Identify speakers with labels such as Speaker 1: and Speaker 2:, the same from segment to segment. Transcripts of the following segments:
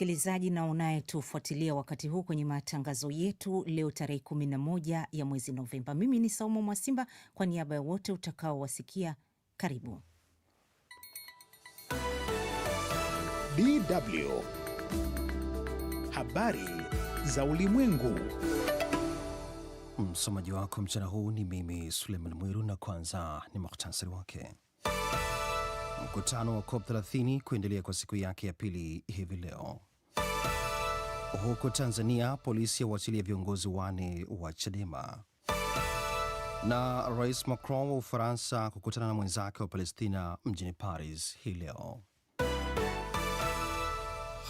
Speaker 1: Msikilizaji na unayetufuatilia wakati huu kwenye matangazo yetu leo tarehe kumi na moja ya mwezi Novemba, mimi ni Saumu Mwasimba kwa niaba ya wote utakaowasikia, karibu.
Speaker 2: DW Habari za Ulimwengu.
Speaker 3: Msomaji wako mchana huu ni mimi Suleiman Mwiru, na kwanza ni muhtasari wake. Mkutano wa COP 30 kuendelea kwa siku yake ya pili hivi leo. Huko Tanzania, polisi yawatilia viongozi wane wa Chadema. Na Rais Macron wa Ufaransa kukutana na mwenzake wa Palestina mjini Paris hii leo.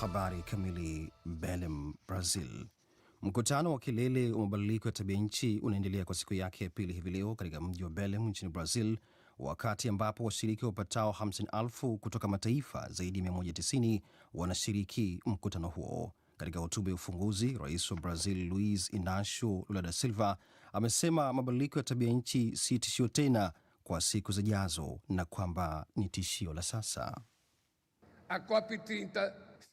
Speaker 3: Habari kamili. Belem, Brazil. Mkutano wa kilele wa mabadiliko ya tabia nchi unaendelea kwa siku yake ya pili hivi leo katika mji wa Belem nchini Brazil, wakati ambapo washiriki wapatao 50,000 kutoka mataifa zaidi ya 190 wanashiriki mkutano huo. Katika hotuba ya ufunguzi, rais wa Brazil Luiz Inacio Lula da Silva amesema mabadiliko ya tabia nchi si tishio tena kwa siku zijazo na kwamba ni tishio la sasa.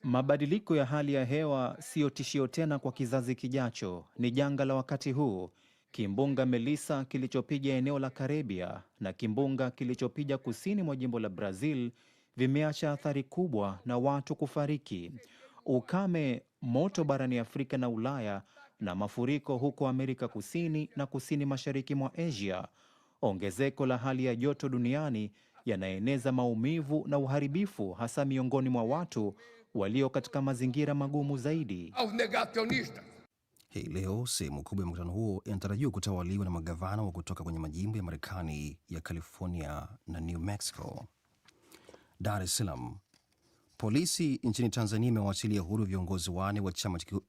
Speaker 4: Mabadiliko ya hali ya hewa siyo tishio tena kwa kizazi kijacho, ni janga la wakati huu. Kimbunga Melissa kilichopiga eneo la Karibia na kimbunga kilichopiga kusini mwa jimbo la Brazil vimeacha athari kubwa na watu kufariki. Ukame moto barani Afrika na Ulaya na mafuriko huko Amerika Kusini na Kusini Mashariki mwa Asia, ongezeko la hali ya joto duniani yanaeneza maumivu na uharibifu hasa miongoni mwa watu walio katika mazingira magumu zaidi.
Speaker 3: Hii leo sehemu kubwa ya mkutano huo inatarajiwa kutawaliwa na magavana wa kutoka kwenye majimbo ya Marekani ya California na New Mexico. Dar es Salaam Polisi nchini Tanzania imewaachilia huru viongozi wanne wa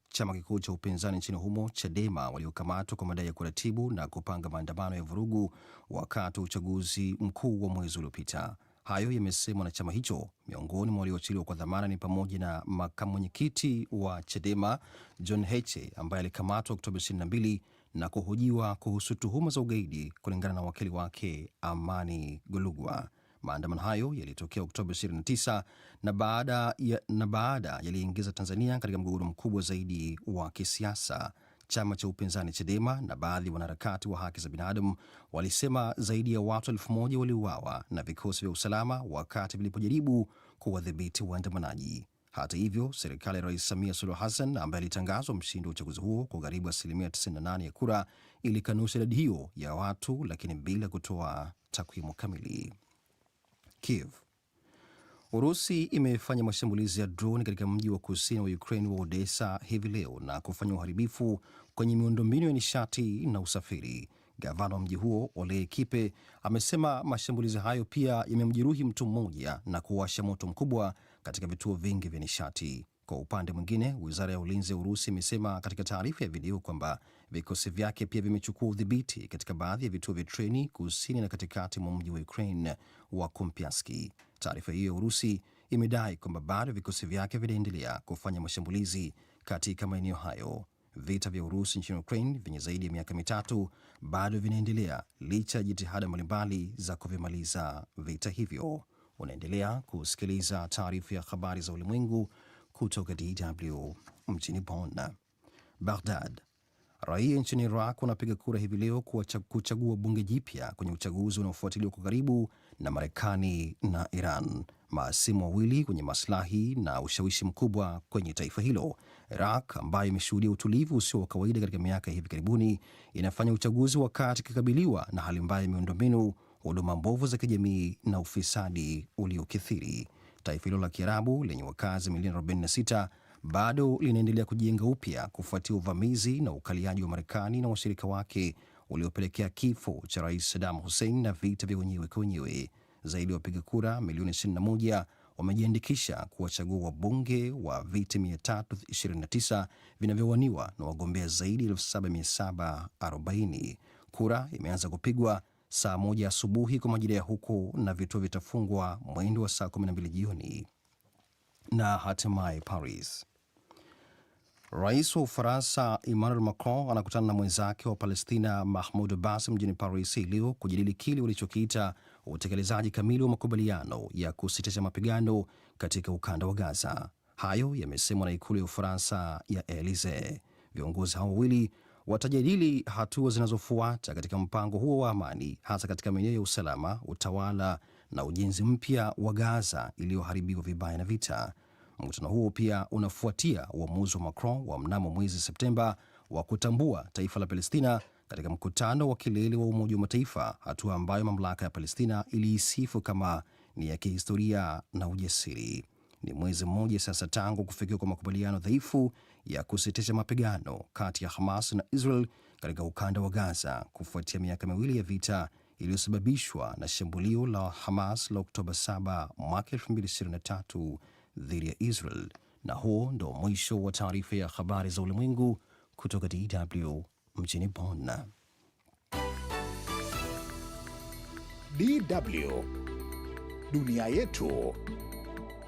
Speaker 3: chama kikuu cha upinzani nchini humo Chadema waliokamatwa kwa madai ya kuratibu na kupanga maandamano ya vurugu wakati wa uchaguzi mkuu wa mwezi uliopita. Hayo yamesemwa na chama hicho. Miongoni mwa walioachiliwa kwa dhamana ni pamoja na makamu mwenyekiti wa Chadema John Heche ambaye alikamatwa Oktoba 22 na kuhojiwa kuhusu tuhuma za ugaidi, kulingana na wakili wake Amani Golugwa. Maandamano hayo yalitokea Oktoba 29 na baada, ya, na baada yaliingiza Tanzania katika mgogoro mkubwa zaidi wa kisiasa. Chama cha upinzani Chadema na baadhi ya wanaharakati wa haki za binadamu walisema zaidi ya watu elfu moja waliuawa na vikosi vya usalama wakati vilipojaribu kuwadhibiti waandamanaji. Hata hivyo, serikali ya Rais Samia Suluhu Hassan ambaye alitangazwa mshindi wa uchaguzi huo kwa karibu asilimia 98 ya kura ilikanusha idadi hiyo ya watu, lakini bila kutoa takwimu kamili. Kiev. Urusi imefanya mashambulizi ya drone katika mji wa kusini wa Ukraine wa Odessa hivi leo na kufanya uharibifu kwenye miundombinu ya nishati na usafiri. Gavana wa mji huo Ole Kipe amesema mashambulizi hayo pia yamemjeruhi mtu mmoja na kuwasha moto mkubwa katika vituo vingi vya nishati. Kwa upande mwingine, wizara ya ulinzi ya Urusi imesema katika taarifa ya video kwamba vikosi vyake pia vimechukua udhibiti katika baadhi ya vituo vya treni kusini na katikati mwa mji wa Ukraine wa Kompiaski. Taarifa hiyo ya Urusi imedai kwamba bado vikosi vyake vinaendelea kufanya mashambulizi katika maeneo hayo. Vita vya Urusi nchini Ukraine vyenye zaidi ya miaka mitatu bado vinaendelea licha ya jitihada mbalimbali za kuvimaliza vita hivyo. Unaendelea kusikiliza taarifa ya habari za ulimwengu kutoka DW mjini Bonn. Baghdad. Raia nchini Iraq wanapiga kura hivi leo kuchagua bunge jipya kwenye uchaguzi unaofuatiliwa kwa karibu na Marekani na Iran, maasimu wawili kwenye maslahi na ushawishi mkubwa kwenye taifa hilo. Iraq ambayo imeshuhudia utulivu usio wa kawaida katika miaka ya hivi karibuni, inafanya uchaguzi wakati ikikabiliwa na hali mbaya ya miundombinu, huduma mbovu za kijamii na ufisadi uliokithiri taifa hilo la Kiarabu lenye wakazi milioni 46 bado linaendelea kujenga upya kufuatia uvamizi na ukaliaji wa Marekani na washirika wake uliopelekea kifo cha Rais Saddam Hussein na vita vya wenyewe kwa wenyewe. Zaidi ya wapiga kura milioni 21 wamejiandikisha kuwachagua wabunge wa viti 329 vinavyowaniwa na wagombea zaidi ya 7740. Kura imeanza kupigwa saa moja asubuhi kwa majira ya huku na vituo vitafungwa mwendo wa saa 12 jioni na hatimaye Paris. Rais wa Ufaransa Emmanuel Macron anakutana na mwenzake wa Palestina Mahmud Abbas mjini Paris hii leo kujadili kile walichokiita utekelezaji kamili wa makubaliano ya kusitisha mapigano katika ukanda wa Gaza. Hayo yamesemwa na ikulu ya Ufaransa ya Elisee. Viongozi hao wawili watajadili hatua zinazofuata katika mpango huo wa amani, hasa katika maeneo ya usalama, utawala na ujenzi mpya wa Gaza iliyoharibiwa vibaya na vita. Mkutano huo pia unafuatia uamuzi wa Macron wa mnamo mwezi Septemba wa kutambua taifa la Palestina katika mkutano wa kilele wa Umoja wa Mataifa, hatua ambayo mamlaka ya Palestina iliisifu kama ni ya kihistoria na ujasiri. Ni mwezi mmoja sasa tangu kufikiwa kwa makubaliano dhaifu ya kusitisha mapigano kati ya Hamas na Israel katika ukanda wa Gaza kufuatia miaka miwili ya vita iliyosababishwa na shambulio la Hamas la Oktoba 7 mwaka 2023 dhidi ya Israel. Na huo ndo mwisho wa taarifa ya habari za ulimwengu kutoka DW mjini Bonn.
Speaker 2: DW dunia yetu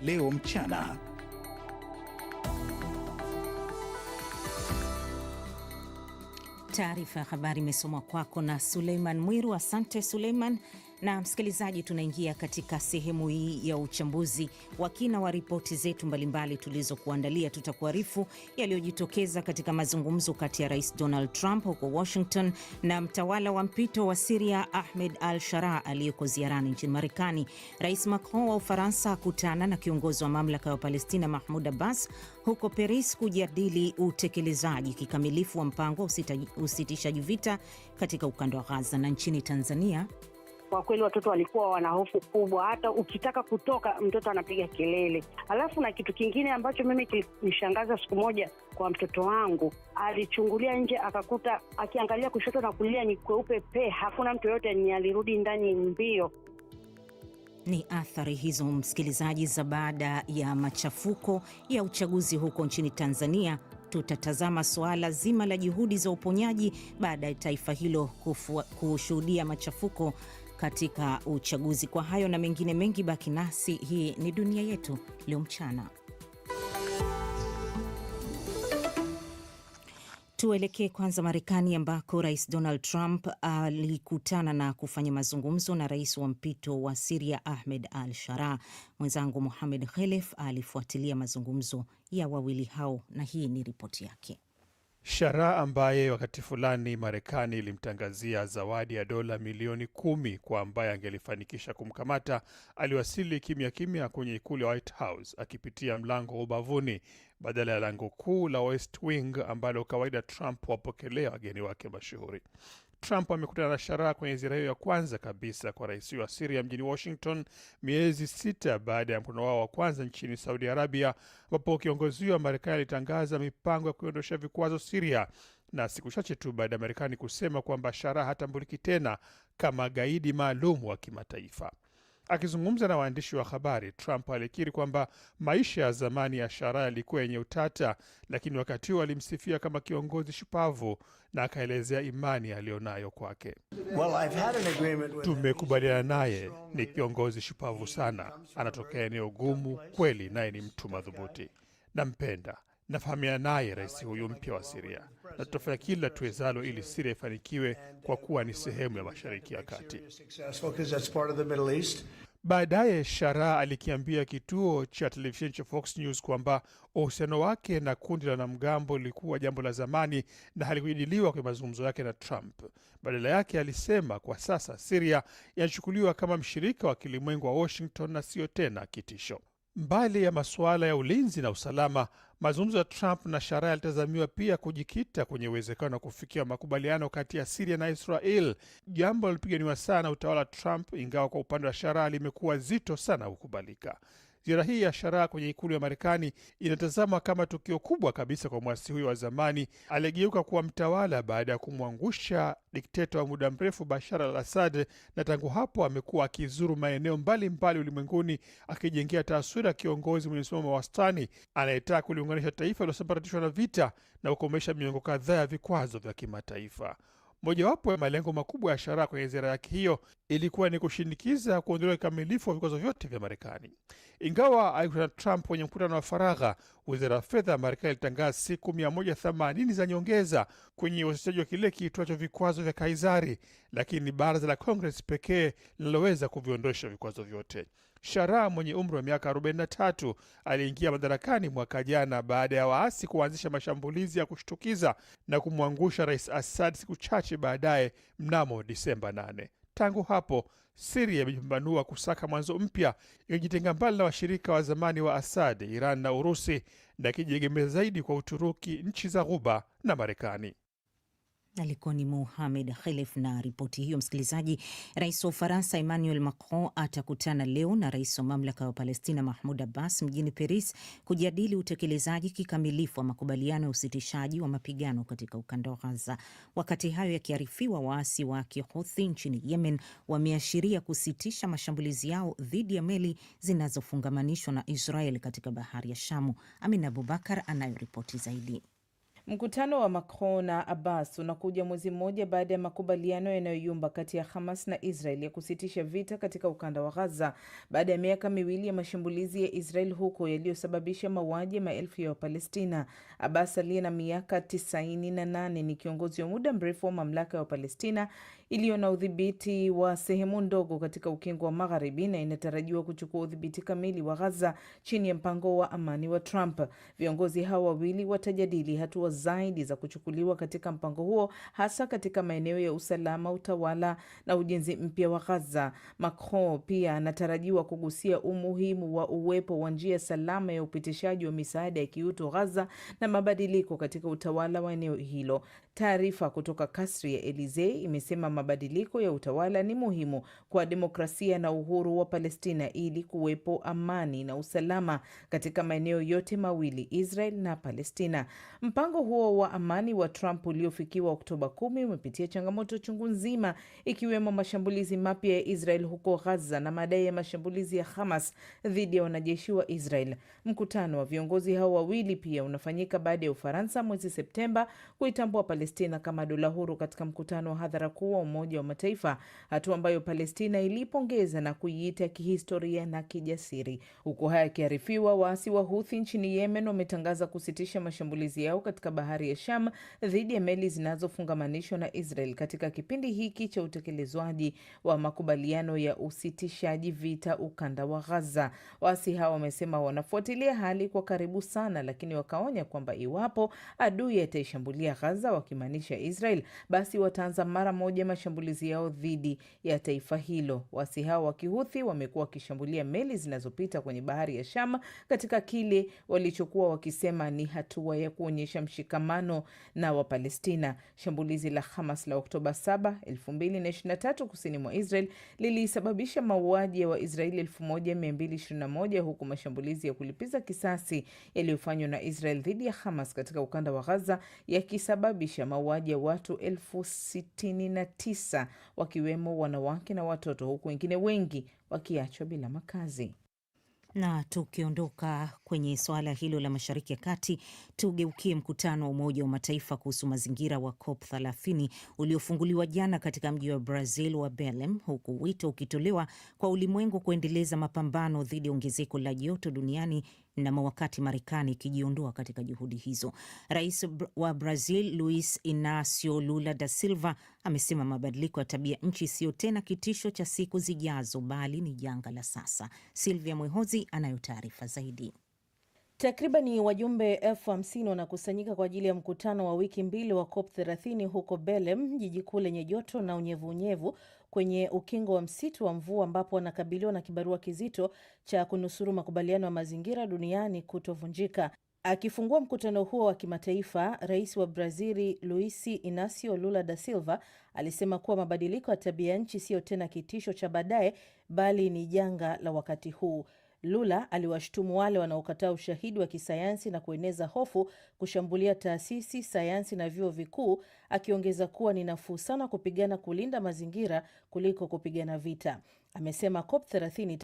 Speaker 2: leo mchana.
Speaker 1: Taarifa ya habari imesomwa kwako na Suleiman Mwiru. Asante Suleiman. Na msikilizaji, tunaingia katika sehemu hii ya uchambuzi wa kina wa ripoti zetu mbalimbali tulizokuandalia. Tutakuarifu yaliyojitokeza katika mazungumzo kati ya Rais Donald Trump huko Washington na mtawala wa mpito wa Siria Ahmed al shara aliyeko ziarani nchini Marekani. Rais Macron wa Ufaransa akutana na kiongozi wa mamlaka ya Palestina Mahmud Abbas huko Paris kujadili utekelezaji kikamilifu wa mpango wa usitishaji vita katika ukanda wa ghaza Na nchini Tanzania
Speaker 5: kwa kweli watoto walikuwa wana hofu kubwa, hata ukitaka kutoka mtoto anapiga kelele. Alafu na kitu kingine ambacho mimi kilinishangaza siku moja kwa mtoto wangu, alichungulia nje akakuta, akiangalia kushoto na kulia ni kweupe pe, hakuna mtu yoyote, ni alirudi ndani mbio.
Speaker 1: Ni athari hizo msikilizaji, za baada ya machafuko ya uchaguzi huko nchini Tanzania. Tutatazama suala zima la juhudi za uponyaji baada ya taifa hilo kushuhudia machafuko katika uchaguzi. Kwa hayo na mengine mengi, baki nasi. Hii ni Dunia Yetu Leo Mchana. Tuelekee kwanza Marekani ambako Rais Donald Trump alikutana na kufanya mazungumzo na rais wa mpito wa Siria Ahmed al Sharaa. Mwenzangu Muhamed Khelef alifuatilia mazungumzo ya wawili hao na hii ni ripoti yake
Speaker 6: shara ambaye wakati fulani Marekani ilimtangazia zawadi ya dola milioni kumi kwa ambaye angelifanikisha kumkamata, aliwasili kimya kimya kwenye ikulu ya White House akipitia mlango wa ubavuni badala ya lango kuu la West Wing ambalo kawaida Trump wapokelea wageni wake mashuhuri. Trump amekutana na Sharaa kwenye ziara hiyo ya kwanza kabisa kwa rais wa Siria mjini Washington, miezi sita baada ya mkutano wao wa kwanza nchini Saudi Arabia, ambapo kiongozi huyo wa Marekani alitangaza mipango ya kuiondosha vikwazo Siria na siku chache tu baada ya Marekani kusema kwamba Sharaa hatambuliki tena kama gaidi maalum wa kimataifa. Akizungumza na waandishi wa habari, Trump alikiri kwamba maisha ya zamani ya shara yalikuwa yenye utata, lakini wakati huo alimsifia kama kiongozi shupavu na akaelezea imani aliyonayo kwake.
Speaker 7: Well, tumekubaliana naye, ni kiongozi shupavu sana, anatokea eneo gumu kweli, naye ni mtu madhubuti, nampenda Nafahamiana naye rais huyu mpya wa Siria na tutafanya kila tuwezalo ili Siria ifanikiwe kwa kuwa ni sehemu ya Mashariki ya Kati. Baadaye shara alikiambia kituo cha televisheni cha Fox News kwamba uhusiano wake na kundi la wanamgambo lilikuwa jambo la zamani na halikujadiliwa kwenye mazungumzo yake na Trump. Badala yake alisema kwa sasa Siria inachukuliwa kama mshirika wa kilimwengu wa Washington na siyo tena kitisho. Mbali ya masuala ya ulinzi na usalama, mazungumzo ya Trump na Sharaa yalitazamiwa pia kujikita kwenye uwezekano wa kufikia makubaliano kati ya Siria na Israel, jambo lilopiganiwa sana utawala wa Trump, ingawa kwa upande wa Sharaa limekuwa zito sana kukubalika. Ziara hii ya Sharaa kwenye ikulu ya Marekani inatazamwa kama tukio kubwa kabisa kwa mwasi huyo wa zamani aliyegeuka kuwa mtawala baada ya kumwangusha dikteta wa muda mrefu Bashar al Assad, na tangu hapo amekuwa akizuru maeneo mbalimbali ulimwenguni akijengea taswira ya kiongozi mwenye msimamo wa wastani anayetaka kuliunganisha taifa lililosambaratishwa na vita na kukomesha miongo kadhaa ya vikwazo vya kimataifa. Mojawapo ya malengo makubwa ya Sharaa kwenye ziara yake hiyo ilikuwa ni kushinikiza kuondolewa kikamilifu wa vikwazo vyote vya Marekani. Ingawa alikutana Trump kwenye mkutano wa faragha, wizara ya fedha ya Marekani ilitangaza siku 180 za nyongeza kwenye uwasilishaji wa kile kiitwacho vikwazo vya Kaisari, lakini baraza la Kongres pekee linaloweza kuviondosha vikwazo vyote. Sharaa mwenye umri wa miaka 43 aliingia madarakani mwaka jana baada ya waasi kuanzisha mashambulizi ya kushtukiza na kumwangusha Rais Assad siku chache baadaye mnamo Disemba 8. Tangu hapo Siria imejipambanua kusaka mwanzo mpya, ikijitenga mbali na washirika wa zamani wa Assad, Iran na Urusi, na ikijiegemea zaidi kwa Uturuki, nchi za Ghuba na Marekani.
Speaker 1: Alikuwa ni Mohamed Khelef na ripoti hiyo. Msikilizaji, rais wa Ufaransa Emmanuel Macron atakutana leo na rais wa mamlaka wa Palestina Mahmud Abbas mjini Paris kujadili utekelezaji kikamilifu wa makubaliano ya usitishaji wa mapigano katika ukanda wa Ghaza. Wakati hayo yakiarifiwa, waasi wa Kihuthi nchini Yemen wameashiria kusitisha mashambulizi yao dhidi ya meli zinazofungamanishwa na Israel katika bahari ya Shamu. Amin Abubakar anayo ripoti zaidi.
Speaker 8: Mkutano wa Macron na Abbas unakuja mwezi mmoja baada ya makubaliano yanayoyumba kati ya Hamas na Israel ya kusitisha vita katika ukanda wa Gaza baada ya miaka miwili ya mashambulizi ya Israel huko yaliyosababisha mauaji ya maelfu ya Wapalestina. Abbas aliye na miaka 98 ni kiongozi wa muda mrefu wa mamlaka ya Wapalestina iliyo na udhibiti wa sehemu ndogo katika ukingo wa magharibi na inatarajiwa kuchukua udhibiti kamili wa ghaza chini ya mpango wa amani wa Trump. Viongozi hawa wawili watajadili hatua zaidi za kuchukuliwa katika mpango huo, hasa katika maeneo ya usalama, utawala na ujenzi mpya wa ghaza Macron pia anatarajiwa kugusia umuhimu wa uwepo wa njia salama ya upitishaji wa misaada ya kiutu Ghaza na mabadiliko katika utawala wa eneo hilo. Taarifa kutoka kasri ya Elizee imesema mabadiliko ya utawala ni muhimu kwa demokrasia na uhuru wa Palestina ili kuwepo amani na usalama katika maeneo yote mawili, Israel na Palestina. Mpango huo wa amani wa Trump uliofikiwa Oktoba kumi umepitia changamoto chungu nzima, ikiwemo mashambulizi mapya ya Israel huko Ghaza na madai ya mashambulizi ya Hamas dhidi ya wanajeshi wa Israel. Mkutano wa viongozi hao wawili pia unafanyika baada ya Ufaransa mwezi Septemba kuitambua Palestina Palestina kama dola huru katika mkutano wa hadhara kuu wa Umoja wa Mataifa, hatua ambayo Palestina ilipongeza na kuiita kihistoria na kijasiri. Huku haya yakiarifiwa, waasi wa Huthi nchini Yemen wametangaza kusitisha mashambulizi yao katika bahari ya Sham dhidi ya meli zinazofungamanishwa na Israel katika kipindi hiki cha utekelezwaji wa makubaliano ya usitishaji vita ukanda wa Ghaza. Waasi hao wamesema wanafuatilia hali kwa karibu sana, lakini wakaonya kwamba iwapo adui ataishambulia Ghaza wakim ikimaanisha Israel, basi wataanza mara moja mashambulizi yao dhidi ya taifa hilo. Wasi hao wa Kihuthi wamekuwa wakishambulia meli zinazopita kwenye bahari ya Sham katika kile walichokuwa wakisema ni hatua ya kuonyesha mshikamano na Wapalestina. Shambulizi la Hamas la Oktoba 7, 2023 kusini mwa Israel lilisababisha mauaji ya Waisraeli 1221 huku mashambulizi ya kulipiza kisasi yaliyofanywa na Israel dhidi ya Hamas katika ukanda wa Gaza yakisababisha mauaji ya watu elfu sitini na tisa wakiwemo wanawake na watoto huku wengine wengi wakiachwa bila makazi.
Speaker 1: Na tukiondoka kwenye suala hilo la Mashariki ya Kati, tugeukie mkutano wa Umoja wa Mataifa kuhusu mazingira wa COP 30 uliofunguliwa jana katika mji wa Brazil wa Belem, huku wito ukitolewa kwa ulimwengu kuendeleza mapambano dhidi ya ongezeko la joto duniani mnamo wakati Marekani ikijiondoa katika juhudi hizo. Rais wa Brazil Luis Inacio Lula da Silva amesema mabadiliko ya tabia nchi siyo tena kitisho cha siku zijazo, bali ni janga la sasa. Silvia Mwehozi anayo taarifa zaidi.
Speaker 9: Takribani wajumbe elfu hamsini wanakusanyika kwa ajili ya mkutano wa wiki mbili wa COP 30 huko Belem, jiji kuu lenye joto na unyevunyevu kwenye ukingo wa msitu wa mvua, ambapo wanakabiliwa na kibarua kizito cha kunusuru makubaliano ya mazingira duniani kutovunjika. Akifungua mkutano huo wa kimataifa, rais wa Brazili Luis Inacio Lula da Silva alisema kuwa mabadiliko ya tabia nchi siyo tena kitisho cha baadaye, bali ni janga la wakati huu. Lula aliwashutumu wale wanaokataa ushahidi wa kisayansi na kueneza hofu kushambulia taasisi, sayansi na vyuo vikuu, akiongeza kuwa ni nafuu sana kupigana kulinda mazingira kuliko kupigana vita. Amesema COP 30